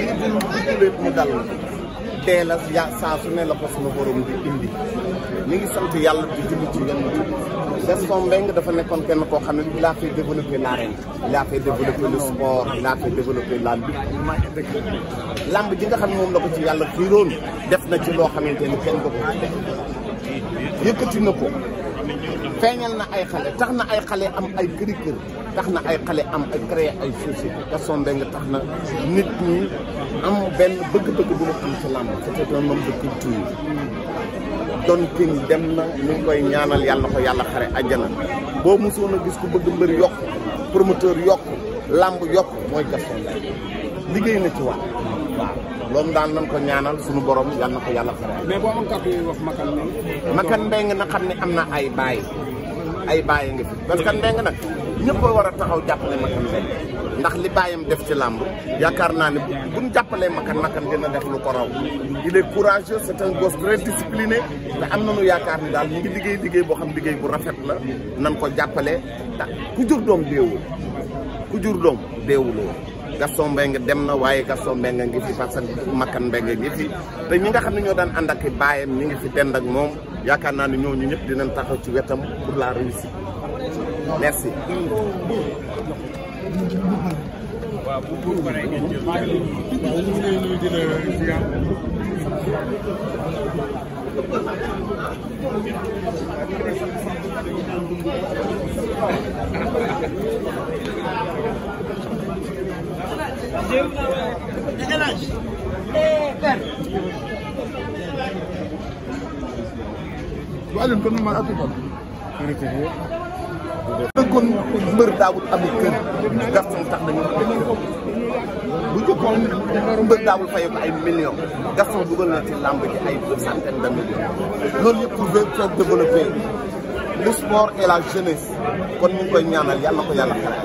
lii bu dal dee la yaa saa su ne la ko sama borom di indi ñu ngi sant yàlla di julli ci yenn Gaston Mbengue dafa nekkoon kenn koo xam ne il laa fait développer l'arène il a fait développer le sport il a fait làmb la ji nga xam moom la ko ci yàlla xiiroon def na ci loo xamante ni kenn ko ko def yëkkati ko feeñal na ay xale tax na ay xale am ay këri kër tax na ay xale am ay créer ay société Gaston Mbengue tax na nit ñi am benn bëgg-bëgg bu mu am ci làmb c'était un homme de culture Don King dem na ñu ngi koy ñaanal yàlla na ko yàlla xare àjjana boo mosoon a gis ku bëgg mbër yokk promoteur yokk làmb yokk mooy Gaston Mbengue liggéey na ci wax waaw loolu daal nañ ko ñaanal suñu borom yal na ko yàlla faral. mais boo Makan Mbengue. Makan Mbengue na xam ne am na ay baay ay baay ngi fi parce que Mbengue nag ñëpp war a taxaw jàppale Makan Mbengue ndax li baayam def ci làmb yaakaar naa ne bu ñu jàppalee Makan Makan dina def lu ko raw il est courageux c'est un gosse très discipliné te am nañu yaakaar ni daal mu ngi liggéey liggéey boo xam liggéey bu rafet la nan ko jàppale ndax ku jur doom deewul ku jur doom deewuloo Gaston Mbengue dem na waaye Gaston Mbengue ngi fi parce que Makan ngi fi te ñi nga xam ne ñoo daan ànd ak baayam ñi ngi fi dend ak moom yaakaar naa ne ñooñu ñëpp dinañ taxaw ci wetam pour ñu ngi lay nuyu di la ziar. élage per waaye kon man atu kon kon mbër daawul amee kër Gaston tax nañu amee kër bu jëkkoon mbër daawul fayee ko ay millions Gaston dugal na ci làmb ji ay centaine de millions loolu yëpp pour faire développer le sport et la jeunesse kon ñu ngi koy ñaanal yàlla na ko yàlla xalaat.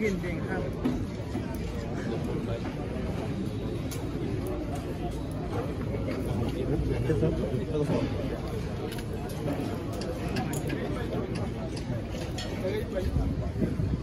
jigéen bi nga xam Thank you.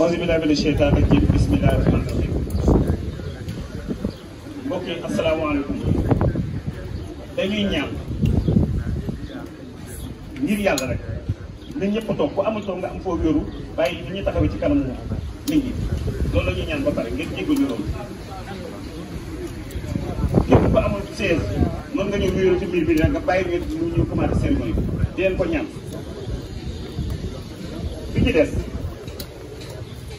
auzu billaahi mina sheytaani rajiim bismillaahi rahmaani rahiim mbokk dañuy ñaan ngir yàlla rek na ñëpp toog ku amul toog nga am foo wéeru bàyyi li ñuy taxawee ci kanam nit ñi loolu la ñaan ba pare ngeen jéggalu loolu képp ku amul chaise mën nga ñëw wéeru ci mbir bi nga bàyyi ñu ñu commencé cérémonie bi di leen ko ñaan fi ci des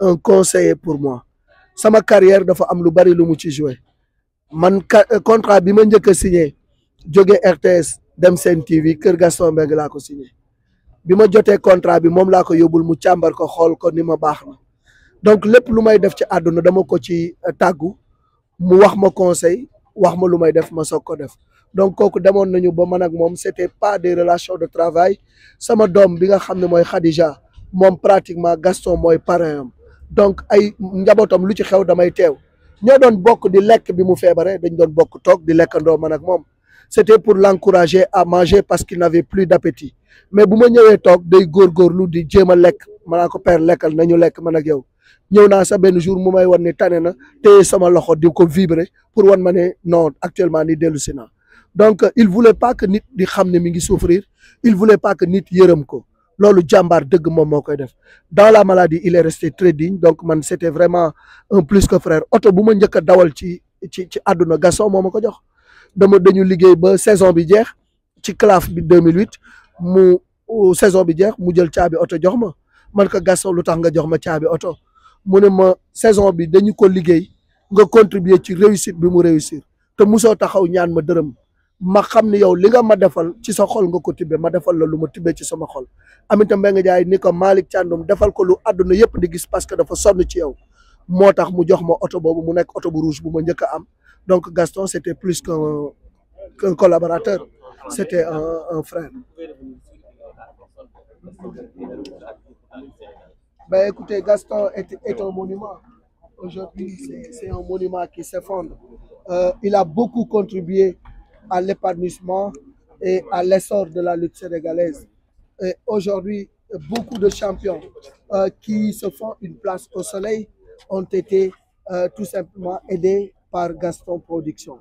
un conseiller pour moi sama carrière dafa am lu bari lu mu ci joué man euh, contrat bi ma njëkk a signé jóge RTS dem Sen TV Kër Gaston Mbengue laa ko signé bi ma jotee contrat bi moom laa ko yóbbul mu càmbar ko xool ko ni ma baax na donc lépp lu may def ci àdduna dama ko ci euh, tàggu mu wax ma conseil wax ma lu may def ma soog ko def donc kooku demoon nañu ba man ak moom c'était pas des relation de travail sama doom bi nga xam ne mooy Khadija moom pratiquement Gaston mooy parrain am donc ay njabootam lu ci xew damay teew ñoo doon bokk di lekk bi mu feebaree dañ doon bokk toog di lekkandoo man ak moom c'était pour l'encourager à manger parce qu'il n'avait plus d'appétit mais bu ma ñëwee toog day góorgóorlu di jéem a lekk manaa ko père lekkal nañu lekk man ak yow ñëw naa sa benn jour mu may wan ni tane na téye sama loxo di ko vibrer pour wan ma ne non actuellement ni dellu si naa donc euh, il voulait pas que nit di xam ne mi ngi souffrir il voulait pas que nit yërëm ko loolu jàmbaar dëgg moom moo koy def dans la maladie il est resté très digne donc man c' était vraiment un plus que frère oto bu ma njëkk a dawal ci ci ci àdduna Gaston moo ma ko jox dama dañu liggéey ba saison bi jeex ci CLAF bi 2008 mu saison bi jeex mu jël caabi oto jox ma man ko Gaston lu tax nga jox ma caabi oto mu ne ma saison bi dañu ko liggéey nga contribuer ci réussite bi mu réussir te mosoo taxaw ñaan ma dërëm. ma xam ni yow li nga ma defal ci sa xol nga ko ma defal la lu ma tibbe ci sama xol Aminata Mbengue Ndiaye ni ko Malick Thiandoum defal ko lu àdduna yëpp di gis parce que dafa sonn ci yow moo tax mu jox ma oto boobu mu nekk oto bu rouge bu ma njëkk a am donc Gaston c'était plus qu'un qu'un collaborateur c'était un un frère. Ben écoutez, Gaston est, est un monument. Aujourd'hui, c'est, c'est monument qui s'effondre. Euh, il a beaucoup contribué à l'épanouissement et à l'essor de la lutte sénégalaise. Et aujourd'hui, beaucoup de champions euh, qui se font une place au soleil ont été euh, tout simplement aidés par Gaston Production.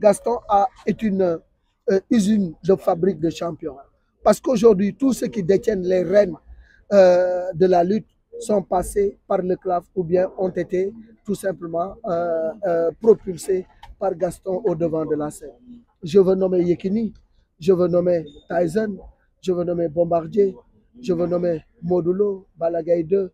Gaston a, est une euh, usine de fabrique de champions. Parce qu'aujourd'hui, tous ceux qui détiennent les rênes euh, de la lutte sont passés par le CLAF ou bien ont été tout simplement euh, euh, propulsés par Gaston au devant de la scène. Je veux nommer Yekini, je veux nommer Tyson, je veux nommer Bombardier, je veux nommer Modulo, Balagaï 2,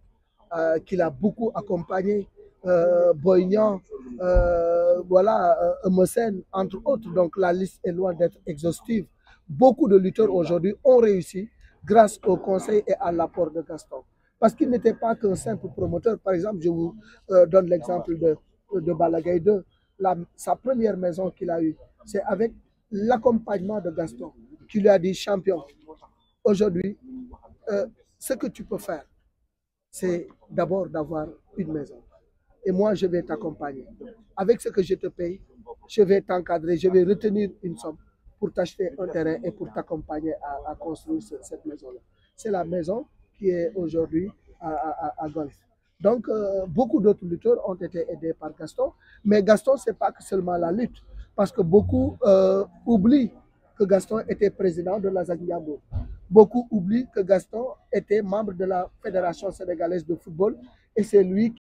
euh, qui l'a beaucoup accompagné, euh, Boignan, euh, euh entre autres. Donc la liste est loin d'être exhaustive. Beaucoup de lutteurs aujourd'hui ont réussi grâce au conseil et à l'apport de Gaston. Parce qu'il n'était pas qu'un simple promoteur. Par exemple, je vous euh, donne l'exemple de, de Balagaï la, sa première maison qu'il a eue, c'est avec l'accompagnement de Gaston qui lui a dit, champion, aujourd'hui, euh, ce que tu peux faire, c'est d'abord d'avoir une maison. Et moi, je vais t'accompagner. Avec ce que je te paye, je vais t'encadrer, je vais retenir une somme pour t'acheter un terrain et pour t'accompagner à, à, construire cette maison-là. C'est la maison qui est aujourd'hui à, à, à Golf. Donc, euh, beaucoup d'autres lutteurs ont été aidés par Gaston. Mais Gaston, ce n'est pas seulement la lutte, parce que beaucoup euh, oublient que Gaston était président de la Zangiambo. Beaucoup oublient que Gaston était membre de la Fédération sénégalaise de football et c'est lui